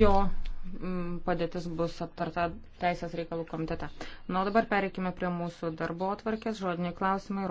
jo mm, padėtis bus aptarta Teisės reikalų komitete. Na, o dabar pereikime prie mūsų darbo atvarkės, žodiniai klausimai.